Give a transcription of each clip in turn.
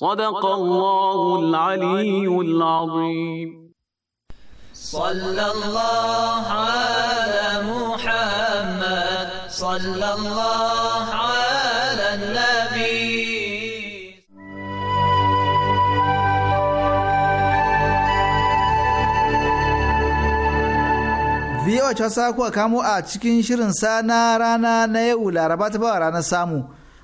صدق الله العلي العظيم صلى الله على محمد صلى الله على النبي Biyawa ta sako kamo a cikin shirin sa na rana na yau laraba ta bawa ranar samu.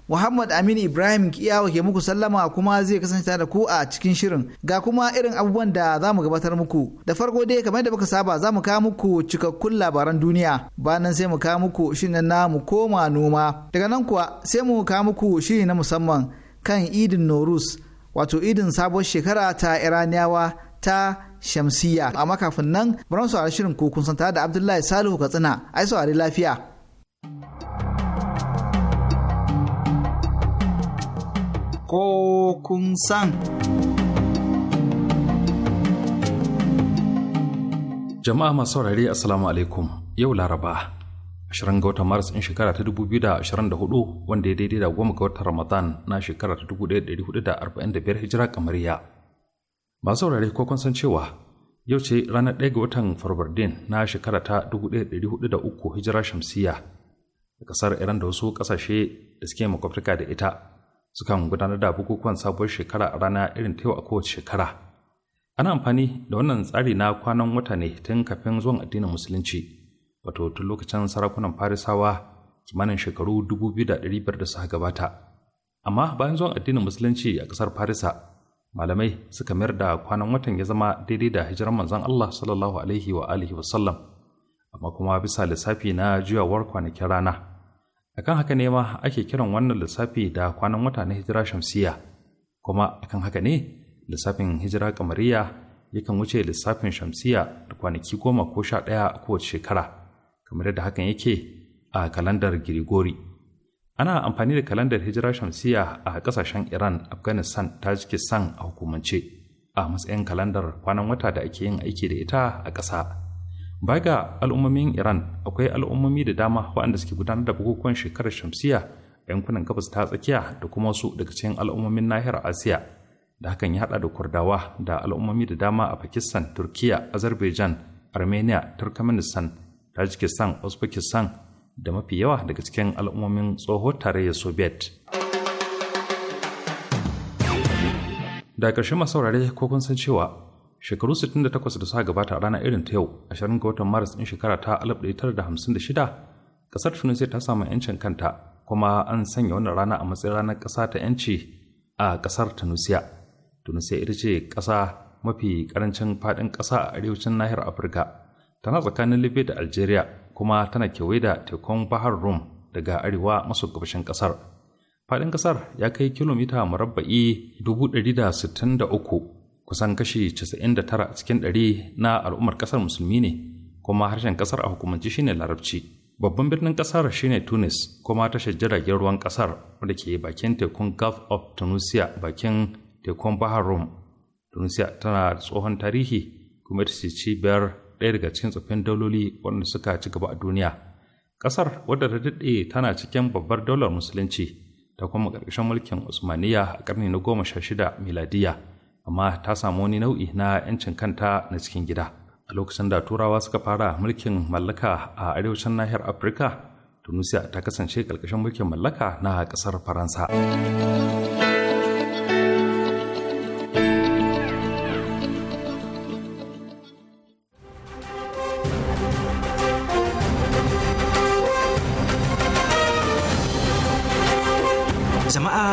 Muhammad Aminu Ibrahim Kiyawa ke muku sallama kuma zai kasance da ku a cikin shirin. Ga kuma irin abubuwan da za mu gabatar muku. Da farko dai kamar da muka saba za mu kawo muku cikakkun labaran duniya. Bayan sai mu kawo muku shirin na mu koma noma. Daga nan kuwa sai mu kawo muku shiri na musamman kan Idin Norus wato Idin sabuwar shekara ta Iraniyawa ta Shamsiya. Amma kafin nan, bari mu shirin ko kun santa da Abdullahi Salihu Katsina. Ai saurari lafiya. ko kun san. Jama'a masu saurari Assalamu alaikum yau Laraba 20 ga watan Maris in shekara ta 2024 wanda ya daidai da goma ga watan Ramadan na shekara ta 1445 hijira kamariya. Masu saurari ko kun san cewa yau ce ranar 1 ga watan Farbardin na shekara ta 1403 hijira shamsiya da kasar Iran da wasu kasashe da suke makwabtaka da ita sukan gudanar da bukukuwan sabuwar shekara a rana irin ta yau a kowace shekara ana amfani da wannan tsari na kwanan wata ne tun kafin zuwan addinin musulunci wato tun lokacin sarakunan farisawa kimanin shekaru 2500 da suka gabata amma bayan zuwan addinin musulunci a ƙasar farisa malamai suka mayar da kwanan watan ya zama daidai da hijirar manzon Allah sallallahu alaihi wa alihi amma kuma bisa lissafi na juyawar kwanakin rana akan haka ne ma ake kiran wannan lissafi da kwanan wata na hijira shamsiya kuma kan haka ne lissafin hijira kamariya yakan wuce lissafin shamsiya da kwanaki goma ko sha ɗaya a kowace shekara kamar yadda hakan yake a kalandar girigori ana amfani da kalandar hijira shamsiya a ƙasashen iran afghanistan tajikistan a hukumance a matsayin kalandar kwanan wata da ake yin aiki da ita a ƙasa Ba ga al'ummomin Iran akwai al'ummomi da dama waɗanda suke gudanar da bukukuwan shekarar shamsiya a yankunan gabas ta tsakiya da kuma wasu daga cikin al'ummomin nahiyar Asiya. Da hakan ya haɗa da Kurdawa da al'ummomi da dama a Pakistan, Turkiya, Azerbaijan, Armenia, Turkmenistan, Tajikistan, Uzbekistan da mafi yawa daga cikin al'ummomin tsohon tarayyar Soviet. Da ƙarshe masaurare ko kun san cewa shekaru 68 da suka gabata a ranar irin ta yau 20 ga watan maris ɗin shekara ta 1956 ƙasar tunisia ta samu 'yancin kanta kuma an sanya wannan rana a matsayin ranar ƙasa ta 'yanci a ƙasar tunisia tunisia ita ce ƙasa mafi ƙarancin faɗin ƙasa a arewacin nahiyar afirka tana tsakanin libya da algeria kuma tana kewaye da tekun bahar rum daga arewa maso gabashin ƙasar faɗin ƙasar ya kai kilomita murabba'i 163 kusan kashi 99 cikin ɗari na al'ummar ƙasar musulmi ne kuma harshen ƙasar a hukumance shine larabci babban birnin ƙasar shine tunis kuma tashar jiragen ruwan ƙasar wanda ke bakin tekun gulf of tunisia bakin tekun bahar rum tunisia tana da tsohon tarihi kuma ita ce cibiyar ɗaya daga cikin tsoffin dauloli waɗanda suka ci gaba a duniya ƙasar wadda ta daɗe tana cikin babbar daular musulunci ta kuma ƙarƙashin mulkin usmaniya a ƙarni na goma sha shida miladiya amma ta samu wani nau'i na 'yancin kanta na cikin gida a lokacin da turawa suka fara mulkin mallaka a arewacin nahiyar afirka tunisia ta kasance ƙarƙashin mulkin mallaka na ƙasar faransa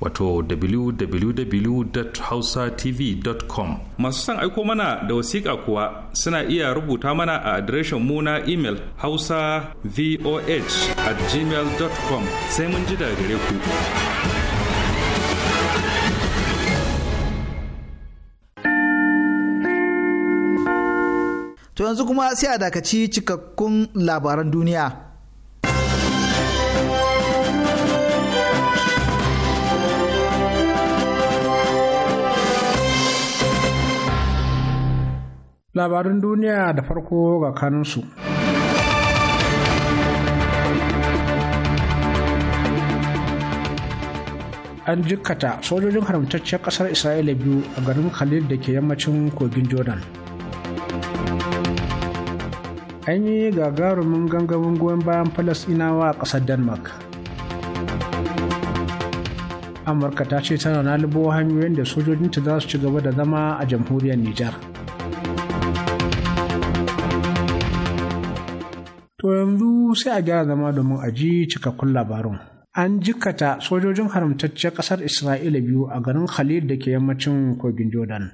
wato www.hausatv.com masu son aiko mana da wasiƙa kuwa suna iya rubuta mana a adireshin mu na imel hausa voh at gmail.com sai mun ji daga gare ku to yanzu kuma sai a dakaci cikakkun labaran duniya labarin duniya da farko ga kanunsu. an jikkata sojojin haramtacciyar kasar isra'ila biyu a garin khalil da ke yammacin kogin jordan an yi gagarumin gangamin goyon bayan falasinawa a kasar denmark amurka ta ce tana nalibo hanyoyin da sojojinta za su ci gaba da zama a jamhuriyar nijar To yanzu sai a gyara zama domin a ji cikakkun labarin. An jikata sojojin haramtaccen ƙasar Isra'ila biyu a garin Khalid da ke yammacin kogin Jordan.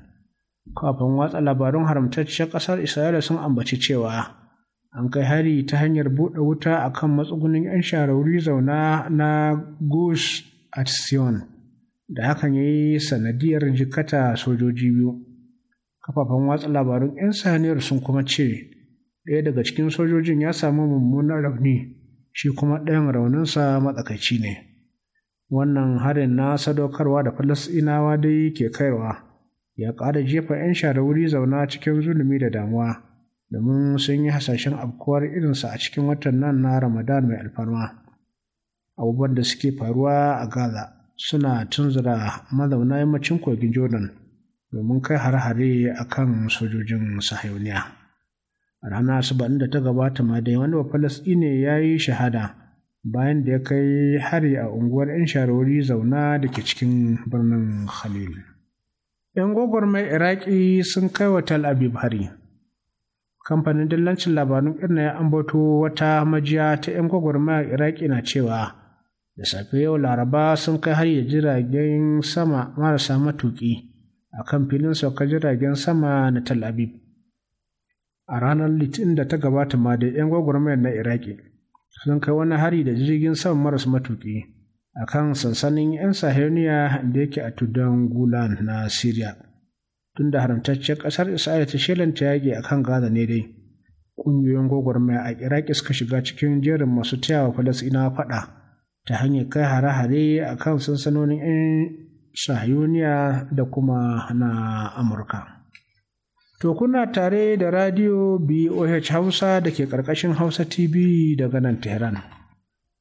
Kafin watsa labarun haramtaccen ƙasar Isra'ila sun ambaci cewa an kai hari ta hanyar buɗe wuta a kan matsugunin 'yan sharauri zauna na Gush Atsion da hakan ya yi sanadiyar jikata sojoji biyu. Kafafen watsa labarun 'yan saniyar sun kuma ce ɗaya daga cikin sojojin ya samu mummunan rauni shi kuma ɗayan rauninsa matsakaici ne wannan harin na sadaukarwa da falasɗinawa dai ke kaiwa ya ƙara jefa 'yan share wuri zauna cikin zulumi da damuwa domin sun yi hasashen afkuwar irinsa a cikin watan nan na ramadan mai alfarma abubuwan da suke faruwa a gaza suna tunzura mazauna yammacin kogin jordan domin kai hare-hare a kan sojojin sahiyoniya ranar asabar da ta gabata ma dai wani ne ya yi shahada bayan da ya kai hari a unguwar 'yan sharori zauna da ke cikin birnin khalil 'yan gwagwarmai iraki sun kai wa tal abib hari kamfanin dillancin labarun irna ya ambato wata majiya ta 'yan gwagwarmai iraki na cewa da safe yau laraba sun kai hari da jiragen sama marasa matuki, a kan filin sauka jiragen sama na tal abib a ranar litinin da ta gabata ma da 'yan gwagwarmayar na iraki sun kai wani hari da jirgin saman maras matuƙi a kan sansanin 'yan sahiyoniya da yake a tudun gulan na syria tun da haramtacciyar ƙasar isra'ila ta shelanta yaƙi a kan gaza ne dai ƙungiyoyin gwagwarmaya a iraki suka shiga cikin jerin masu tayawa falasina faɗa ta hanyar kai hare-hare a kan sansanonin 'yan sahiyoniya da kuma na amurka To kuna tare da radio BOH Hausa da ke ƙarƙashin Hausa TV daga nan Tehran.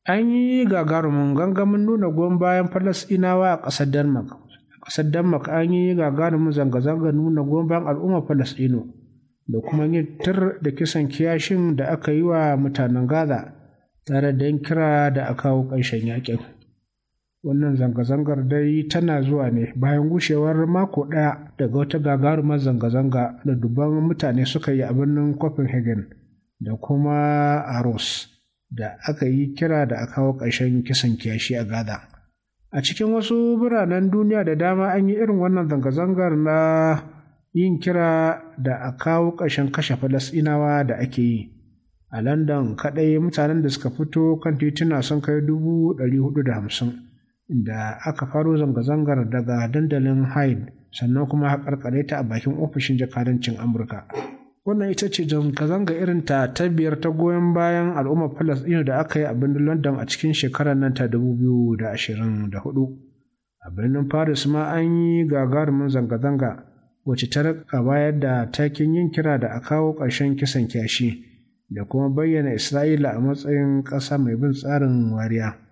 An yi gagarumin gangamin nuna goyon bayan Falasɗinawa a ƙasar Denmark. A ƙasar Denmark an yi gagarumin zanga-zanga nuna goyon bayan al'ummar Falasɗinu da kuma yin tur da kisan kiyashin da aka yi wa mutanen Gaza tare da kira da aka kawo ƙarshen yaƙin. wannan zanga-zangar dai tana zuwa ne bayan gushewar mako ɗaya daga wata gagarumar zanga-zanga da dubban mutane suka yi a birnin copenhagen da kuma aros da aka yi kira da a kawo ƙarshen kisan kiyashi a gaza a cikin wasu biranen duniya da dama an yi irin wannan zanga-zangar na yin kira da a kawo ƙarshen kashe falasɗinawa da ake yi a london kaɗai mutanen da suka fito kan tituna sun kai dubu ɗari hudu da hamsin da aka faro zanga-zangar daga dandalin Hyde sannan kuma karkare ta a bakin ofishin jakadancin Amurka. Wannan ita ce zanga-zanga irin ta ta biyar ta goyon bayan al'ummar Falasɗinu da aka yi a birnin London a cikin shekarar nan ta hudu. A birnin Paris ma an yi gagarumin zanga-zanga wacce ta raka bayar da takin yin kira da a kawo ƙarshen kisan kyashi da kuma bayyana Isra'ila a matsayin ƙasa mai bin tsarin wariya.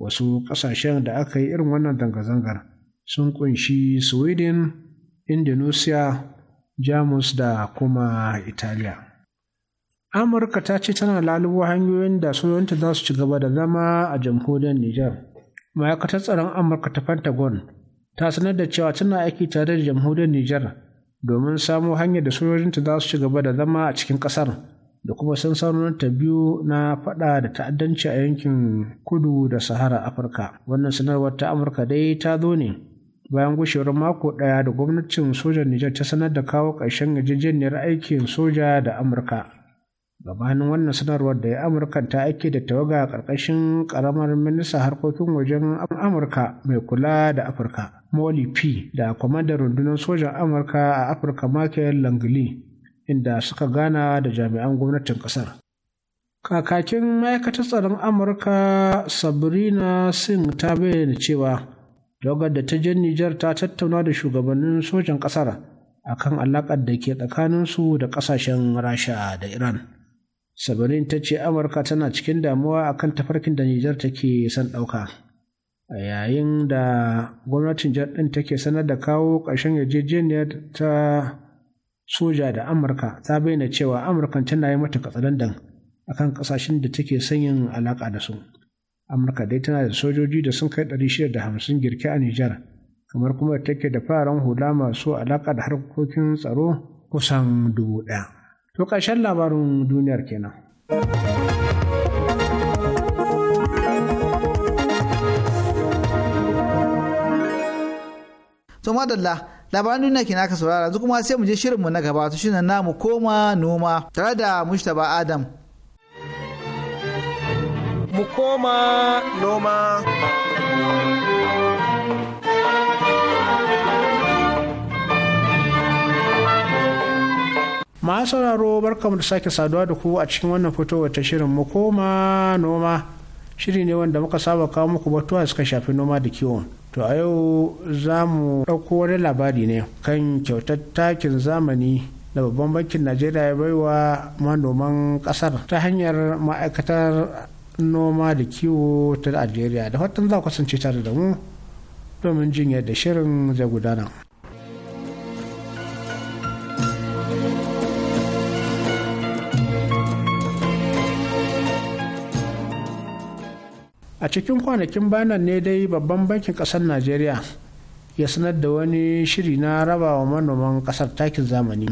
wasu ƙasashen da aka yi irin wannan zanga-zangar sun kunshi sweden indonesia jamus da kuma italiya amurka ta ce tana lalubo hanyoyin da sojojinta za su ci gaba da zama a jamhuriyar niger ma'aikatar tsaron amurka ta pentagon ta sanar da cewa tana aiki tare da jamhuriyar niger domin samo hanyar da sojojinta za su ci gaba da zama a cikin ƙasar da kuma ta biyu na fada da ta'addanci a yankin kudu da sahara afirka wannan sanarwar ta amurka dai ta zo ne bayan gushewar mako daya da gwamnatin sojan nijar ta sanar da kawo ƙarshen yarjejeniyar aikin soja da amurka gabanin wannan sanarwar da ya amurka ta aike da tawaga a ƙarƙashin ƙaramar minista harkokin wajen amurka mai kula da afirka molly p da kwamandan rundunar sojan amurka a afirka michael langley inda suka gana da jami'an gwamnatin ƙasar. Kakakin ma'aikatar tsaron Amurka Sabrina Singh ta bayyana cewa dogar da ta je Nijar ta tattauna da shugabannin sojan ƙasar akan alaƙar da ke tsakaninsu da ƙasashen Rasha da Iran. Sabrin ta ce Amurka tana cikin damuwa akan tafarkin da Nijar take son ɗauka. A yayin da gwamnatin jar ɗin take sanar da kawo ƙarshen yarjejeniyar ta soja da amurka ta bayyana cewa amurka tana yi mata katsalandan a kan kasashen da take sanyin alaƙa da su amurka dai tana da sojoji da sun kai ɗari shida da 650 girke a nijar kamar kuma take da fararen hula masu alaƙa da harkokin tsaro kusan dubu ɗaya to ƙarshen labarin duniyar kenan to madalla labaran duniya ke naka saurara yanzu kuma sai mu je shirinmu na gaba to shirin namu koma noma tare da mushtaba adam mu koma noma masu sauraro barkamu da sake saduwa da ku a cikin wannan fitowa ta shirin mu koma noma shiri ne wanda muka saba kawo muku batuwa suka shafi noma da kiwon to a yau za mu ɗauko wani labari ne kan kyautar takin zamani da babban bankin najeriya ya baiwa manoman ƙasar ta hanyar ma'aikatar noma da kiwo ta algeria da fatan za ku kasance tare da mu domin jin da shirin zai gudana a cikin kwanakin banan ne dai babban bankin kasar najeriya ya sanar da wani shiri na raba wa manoman kasar takin zamani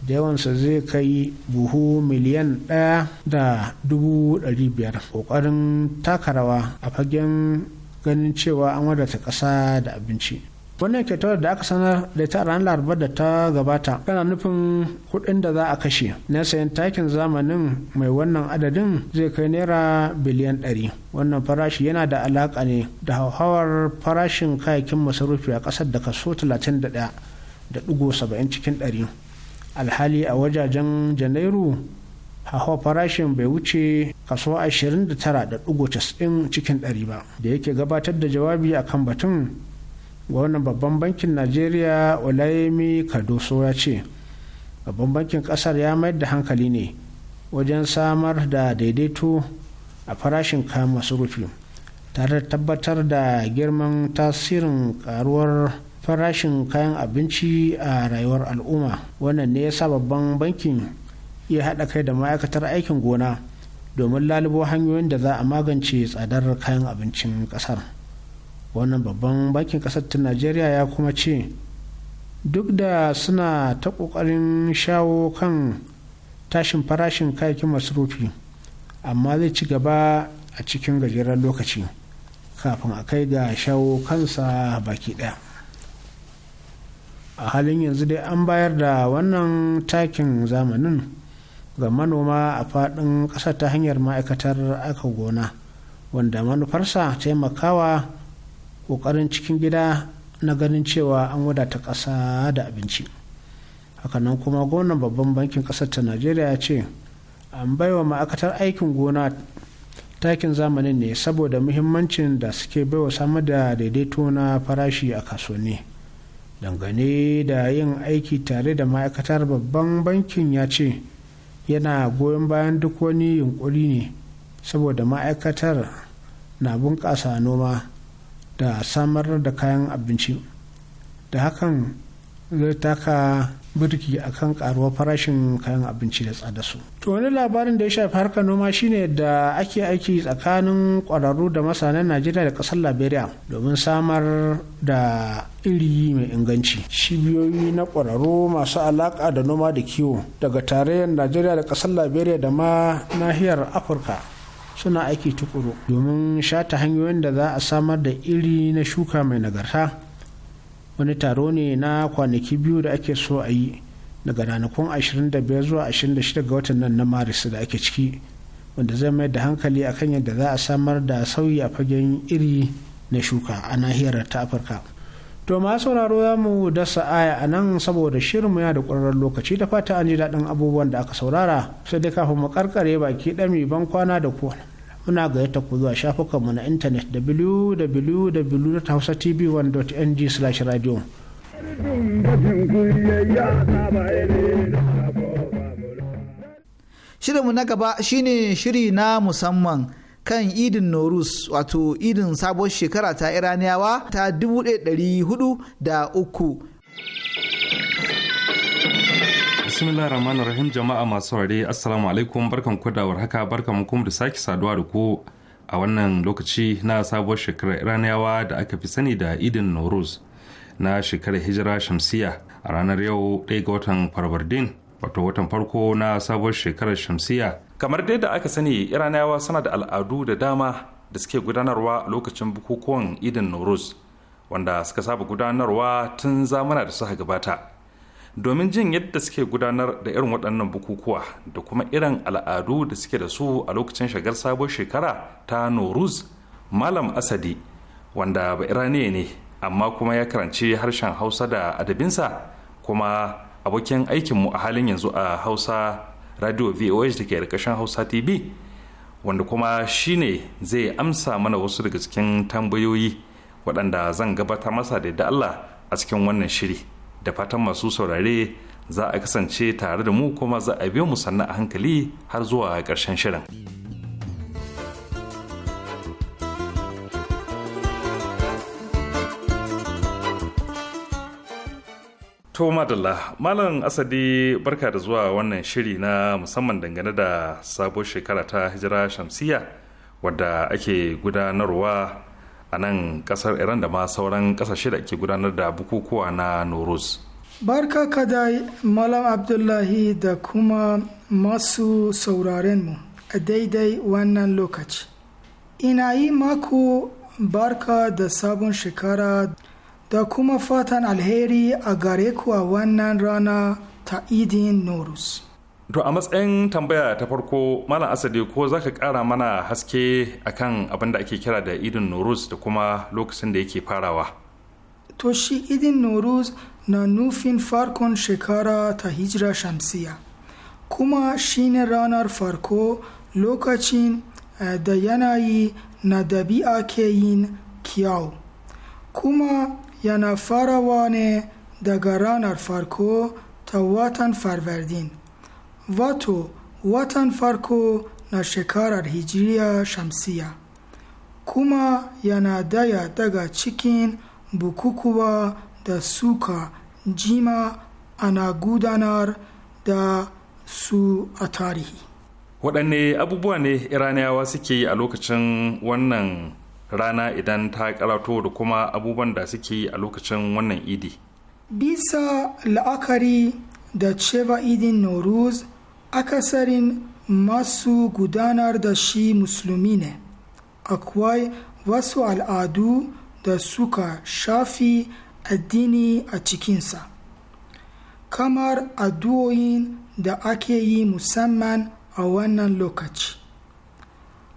da yawansa zai kai buhu miliyan ɗaya da dubu ɗari biyar ƙoƙarin taka rawa a fagen ganin cewa an wadata ƙasa da abinci wannan kyautar da aka sanar da ta ran larabar da ta gabata yana nufin kuɗin da za a kashe na sayan takin zamanin mai wannan adadin zai kai naira biliyan ɗari wannan farashi yana da alaƙa ne da hauhawar farashin kayayyakin masarufi a ƙasar da kaso 31 da ɗigo 70 cikin ɗari alhali a wajajen janairu hawa farashin bai wuce kaso 29.90 cikin ɗari ba da yake gabatar da jawabi akan batun gwamnan babban bankin najeriya olaimi kadoso ya ce babban bankin kasar ya mayar da hankali ne wajen samar da daidaito a farashin kayan rufi tare da tabbatar da girman tasirin karuwar farashin kayan abinci a rayuwar al'umma wannan ne ya sa babban bankin ya haɗa kai da ma'aikatar aikin gona domin lalubo hanyoyin da za a magance tsadar kayan abincin ƙasar. wannan babban bankin kasar ta najeriya ya kuma ce duk da suna ta kokarin shawo kan tashin farashin kayakin masarufi amma zai ci gaba a cikin gajeren lokaci kafin a kai ga shawo kansa baki daya a halin yanzu dai an bayar da wannan takin zamanin ga manoma a faɗin ƙasa ta hanyar ma'aikatar aka gona wanda manufarsa taimakawa ƙoƙarin cikin gida na ganin cewa an wadata ƙasa da abinci hakanan kuma gwamnan babban bankin ƙasar ta najeriya ya ce an baiwa ma'aikatar aikin gona takin zamanin ne saboda muhimmancin da suke baiwa samar da daidaito na farashi a kasuwanni dangane da yin aiki tare da ma'aikatar babban bankin ya ce yana goyon bayan duk wani yunkuri ne saboda ma'aikatar na bunƙasa noma da samar da kayan abinci da hakan zai taka birki akan karuwar farashin kayan abinci da tsada su. To wani labarin da ya shafi harkar noma shine da ake aiki tsakanin kwararru da masana Najeriya da kasar Liberia domin samar da iri mai inganci. Shibiyoyi na kwararru masu alaka da noma da kiwo daga tarayyar Najeriya da kasar Liberia da ma nahiyar Afirka suna aiki tukuru domin shata hanyoyin da za a samar da iri na shuka mai nagarta wani taro ne na kwanaki biyu da ake so a yi daga ranakun 25 zuwa 26 ga watan nan na maris da ake ciki wanda zai mai da hankali akan yadda za a samar da sauyi a fagen iri na shuka a nahiyar ta afirka to ma sauraro ya mu dasa aya a nan saboda shirinmu ya da ƙwararren lokaci da fata an ji daɗin abubuwan da aka saurara sai dai kafin mu karkare baki ɗami ban kwana da kowane muna gayyata ku zuwa shafukanmu na intanet www.hausatv1.ng slash radio Shirinmu na gaba shine shiri na musamman kan idin norus wato idin sabuwar shekara ta iraniyawa ta 1403 bismillah rahman rahim jama'a masu ware assalamu alaikum barkan ku haka warhaka barkan kuma da sake saduwa da ku a wannan lokaci na sabuwar shekarar iraniyawa da aka fi sani da idin norus na shekarar hijira shamsiya a ranar yau ɗaya ga watan farbardin wato watan farko na sabuwar shekarar shamsiya kamar dai da aka sani iranawa suna da al'adu da dama da suke gudanarwa lokacin bukukuwan idin noruz wanda suka saba gudanarwa tun zamana da suka gabata domin jin yadda suke gudanar da irin waɗannan bukukuwa da kuma irin al'adu da suke da su a lokacin shagar sabon shekara ta noruz malam asadi wanda ba iraniya ne amma kuma ya karanci harshen hausa da adabinsa kuma abokin aikinmu a halin yanzu a hausa radio voa da ke ƙarƙashin hausa tv wanda kuma shine zai amsa mana wasu daga cikin tambayoyi waɗanda zan gabatar masa da da allah a cikin wannan shiri da fatan masu saurare za a kasance tare da mu kuma za a biyo mu sannan a hankali har zuwa ƙarshen shirin. To madalla Malam Asadi barka da zuwa wannan shiri na musamman dangane da sabuwar shekara ta hijira shamsiya wadda ake gudanarwa a nan kasar Iran da ma sauran kasashe da ake gudanar da bukukuwa na Noruz. Barka ka dai Malam Abdullahi da kuma masu saurarenmu a daidai wannan lokaci. Ina yi mako barka da sabon shekara da kuma fatan alheri a gare ku a wannan rana ta idin norus to a matsayin tambaya ta farko malam asadi ko za ka kara mana haske akan abin da ake kira da idin norus da kuma lokacin da yake farawa to shi idin norus na nufin farkon shekara ta hijira shamsiya kuma shine ranar farko lokacin eh, da yanayi na dabi'a ke yin kyau kuma yana farawa ne daga ranar farko ta watan farvardin wato watan farko na shekarar hijiriya shamsiya kuma yana daya daga cikin bukukuwa da suka jima ana gudanar da su a tarihi waɗanne abubuwa ne iraniyawa suke yi a lokacin wannan rana idan ta karato da kuma abubuwan da suke a lokacin wannan idi bisa la'akari da cewa idin noruz akasarin masu gudanar da shi musulmi ne akwai wasu al'adu da suka shafi addini a cikinsa kamar addu'o'in da ake yi musamman a wannan lokaci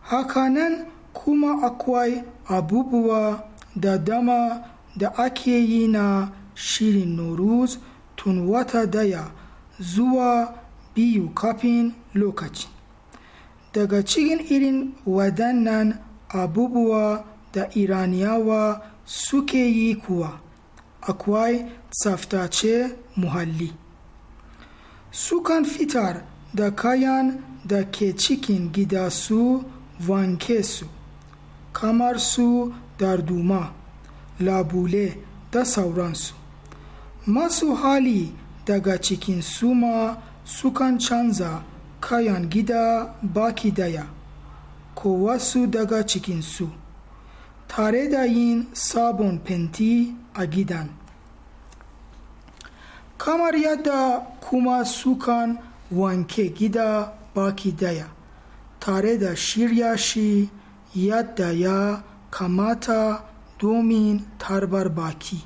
hakanan kuma akwai abubuwa da dama da ake yi na shirin noruz tun wata daya zuwa biyu kafin lokaci daga cikin irin wadannan abubuwa da iraniyawa suke yi kuwa akwai tsaftace muhalli sukan fitar da kayan da ke cikin gida su wanke kamar su darduma labule da sauransu masu hali daga cikin suma sukan canza kayan gida baki daya ko wasu daga cikinsu tare da yin sabon fenti a gidan kamar yadda kuma sukan wanke gida baki daya tare da shirya shi yadda ya kamata domin tarbar baki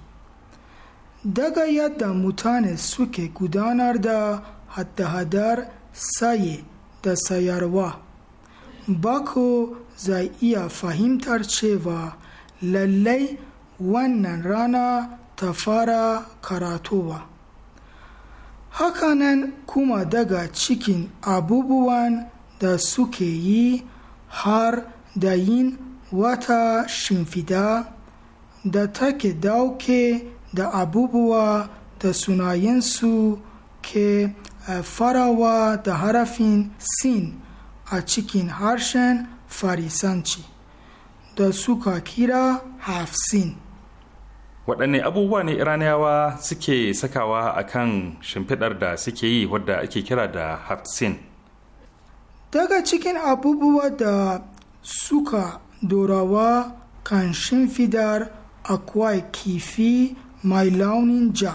daga yadda mutane suke gudanar da hada-hadar saye da sayarwa bako zai iya fahimtar cewa lallai wannan rana ta fara karatowa hakanan kuma daga cikin abubuwan da suke yi har da yin wata shimfida da take dauke da abubuwa da sunayensu ke farawa da harafin sin a cikin harshen farisanci da suka kira hafsin waɗanne abubuwa ne iraniyawa suke sakawa a kan shimfidar da suke yi wadda ake kira da hafsin daga cikin abubuwa da suka dorawa kan shimfidar akwai kifi mai launin ja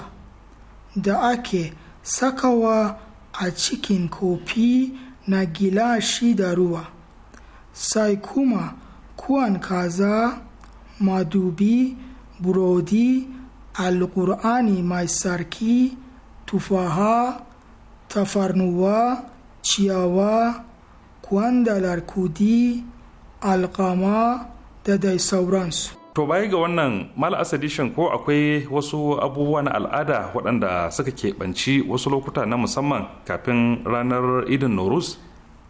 da ake sakawa a cikin kofi na gilashi da ruwa sai kuma kuwan kaza madubi burodi alkur'ani mai sarki tufaha tafarnuwa ciyawa kwandalar kudi alkama da dai sauransu to baya ga wannan mal asadishin ko akwai wasu abubuwa na al'ada waɗanda suka keɓanci wasu lokuta na musamman kafin ranar idin norus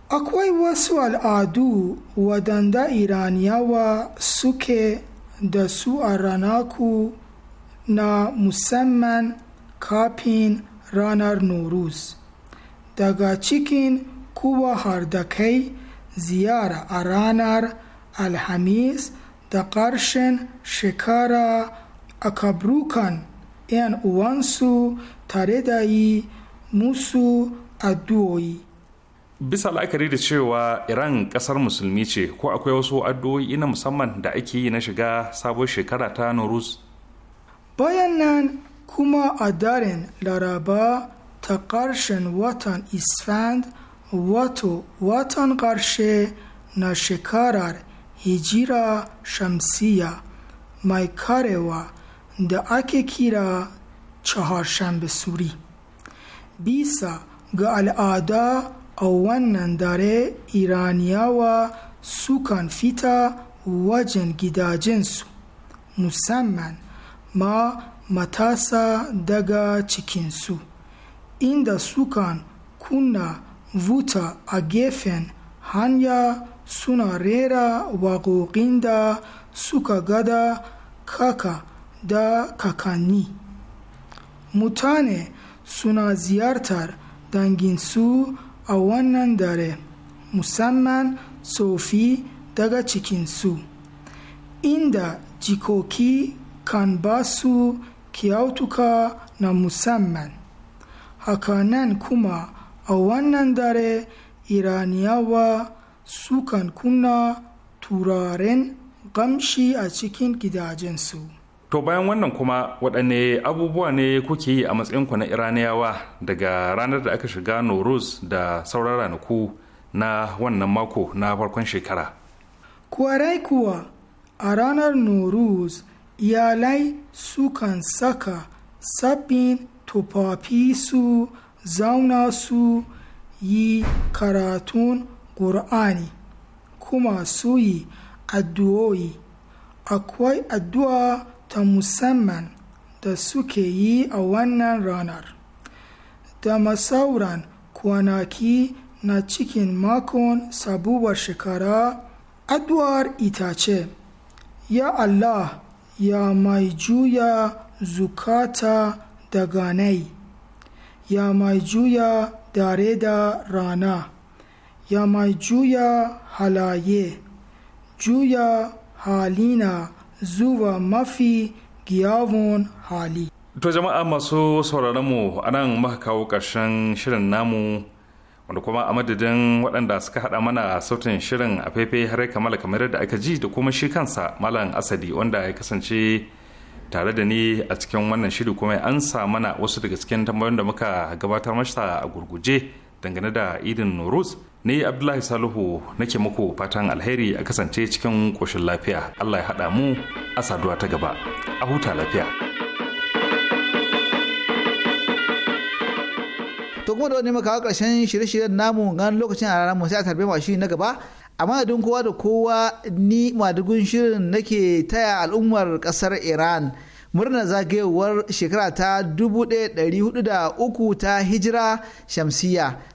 akwai wasu al'adu waɗanda iraniyawa suke da su a ranaku na musamman kafin ranar norus daga cikin kuwa har da kai ziyara a ranar alhamis da ƙarshen shekara a kabrukan 'yan uwansu tare da yi musu addu'o'i bisa la'akari da cewa iran kasar musulmi ce ko akwai wasu addu'o'i na musamman da ake yi na shiga sabon shekara ta noruz bayan nan kuma a daren laraba ta karshen watan isfand wato watan ƙarshe na shekarar hijira Shamsiyya mai karewa da ake kira shahararren suri bisa ga al'ada a wannan dare iraniyawa sukan fita wajen gidajensu musamman ma matasa daga cikinsu inda sukan kunna vuta a gefen hanya suna rera waƙoƙin da suka gada kaka da kakanni mutane suna ziyartar danginsu a wannan dare musamman sofi daga cikinsu inda jikoki kan ba su kyautuka na musamman hakanan kuma a wannan dare iraniyawa sukan kunna turaren gamshi a cikin gidajensu to bayan wannan kuma waɗanne abubuwa ne kuke yi a matsayinku na iraniyawa daga ranar da aka shiga noruz da sauran ranaku na wannan mako na farkon shekara kwarai kuwa a ranar noruz iyalai sukan saka sabbin tufafi su zauna su yi karatun ƙur'ani kuma su yi addu'o'i akwai addu'a ta musamman da suke yi a wannan ranar da masauran kwanaki na cikin makon sabuwar shekara addu'ar ita ce ya allah ya mai juya zukata da ganai ya mai juya dare da rana ya mai juya halaye juya halina zuwa mafi giyawun hali to jama'a masu sauraron mu anan muka kawo ƙarshen shirin namu wanda kuma a madadin waɗanda suka haɗa mana sautin shirin a faifai har kamala kamar da aka ji da kuma shi kansa malam asadi wanda ya kasance tare da ni a cikin wannan shiri kuma an sa mana wasu daga cikin tambayoyin da muka gabatar masa a gurguje dangane da idin noruz ni abdullahi salihu nake muku fatan alheri a kasance cikin koshin lafiya allah ya haɗa mu a saduwa ta gaba a huta lafiya to kuma da wani maka karshen shirye-shiryen namu gan lokacin a ranar mu sai a tarbe mu shi na gaba a madadin kowa da kowa ni madugun shirin nake taya al'ummar kasar iran murna zagayowar shekara ta 1403 ta hijira shamsiya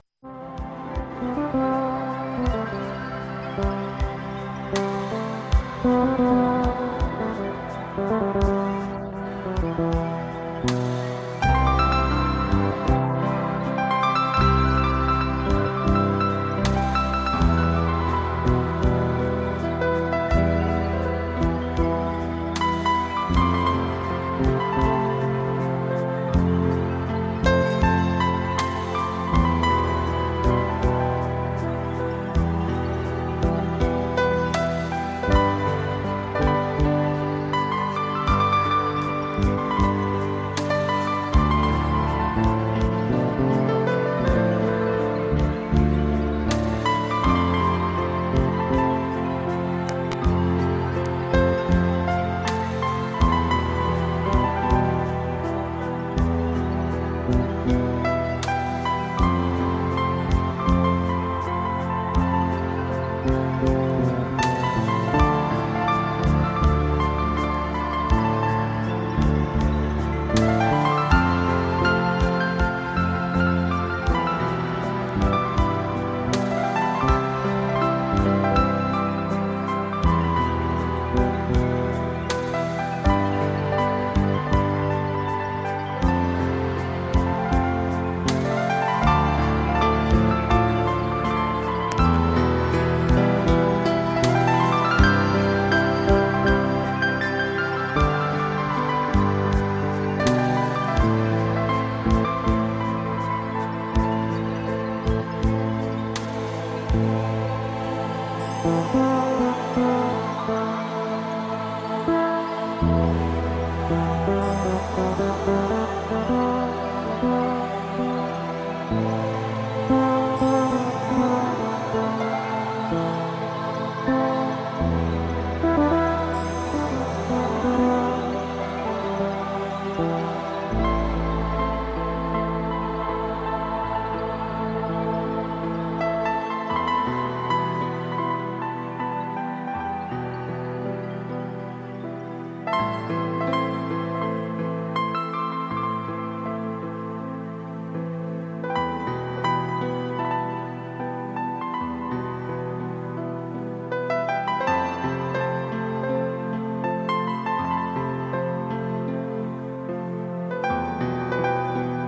Thank you.